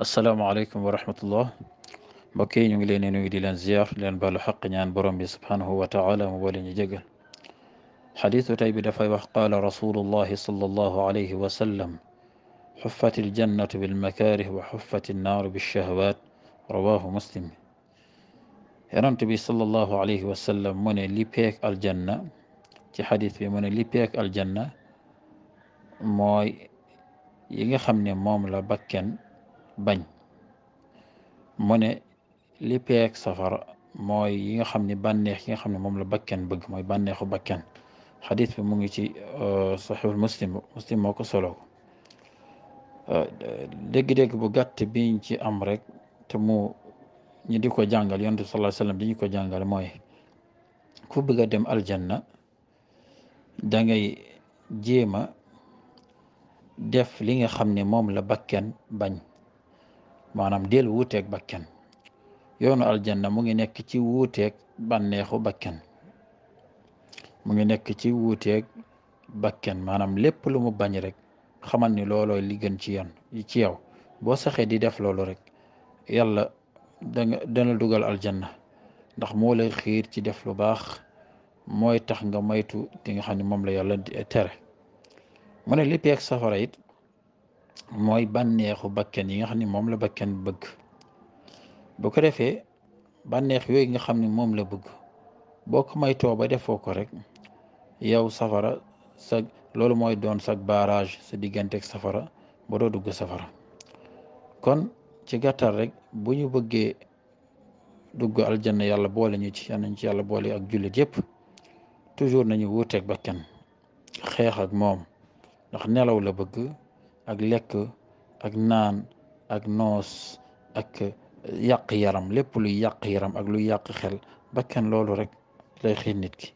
السلام عليكم ورحمة الله بكي نيو لي نيو دي لان لان بالو حق نيان سبحانه وتعالى مولي ني حديث تايبي دا فاي قال رسول الله صلى الله عليه وسلم حفت الجنة بالمكاره وحفت النار بالشهوات رواه مسلم يرن بي صلى الله عليه وسلم من اللي بيك الجنة تي حديث بي من اللي بيك الجنة موي ييغا خامني موم لا بكن bañ mu ne li peeg safara mooy yi nga xam ne bànneex yi nga xam ne moom la bakken bëgg mooy banneexu bakken xadis bi mu ngi ci euh, saxiihul muslim muslim moo ko solo euh, dégg-dégg bu gàtt biñ ci am rek te mu ñi di ko jàngal yonent bi sallallahu alayhi ko jàngal mooy ku bëgg a dem aljanna dangay ngay jéema def li nga xam ne moom la bakken bañ maanaam del wuuteeg bakkan yoonu aljanna mu ngi nekk ci wuuteeg bànneexu bakkan mu ngi nekk ci wuuteeg bakken maanaam lépp lu mu bañ rek xamal ni looloo li gën ci yan ci yow boo saxee di def loolu rek yàlla danga dana dugal aljanna ndax moo lay xiir ci def lu baax mooy tax nga moytu di nga xam ne moom la yàlla tere mu ne léppeeg safara it mooy bànneexu bakken yi nga xam ne moom la bakken bëgg bu ko defee bànneex yooyu nga xam ni moom la bëgg boo ko may too ba defoo ko rek yow safara sa loolu mooy doon sag barrage sa digganteek safara ba doo dugg safara kon ci gàttal rek bu ñu bëggee dugg aljanna yàlla boole ñu ci yàlla ñu ci yàlla boole ak jullit yëpp toujours nañu wuuteeg bakkan xeex ak moom ndax nelaw la bëgg ak lekk ak naan ak noos ak yàq yaram lépp luy yàq yaram ak luy yàq xel ba kenn loolu rek lay xiin nit ki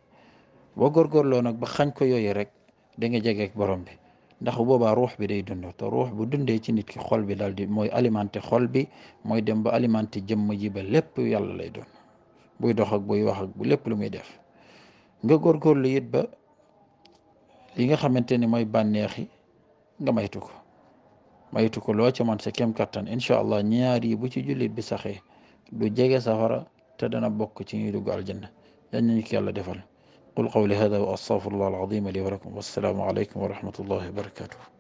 boo góorgóorloo nag ba xañ ko yooyu rek da nga jegeeg borom bi ndax boobaa ruux bi day dund te ruux bu dundee ci nit ki xol bi daldi di mooy alimenté xol bi mooy dem ba alimenté jëmm ji ba lépp yàlla lay doon buy dox ak buy wax ak bu lépp lu muy def nga góorgóorlu it ba li nga xamante ni mooy bànneex yi nga maytu ko maytu ko loo ca man sa kem kattan incha allah ñaari bu ci jullit bi saxee du jege safara te dana bokk ci ñuy dugg aljanna yan nañu ko yàlla defal qul qawli hada wa astaghfirullah alazim li wa lakum wassalaamu alaykum wa rahmatullahi wa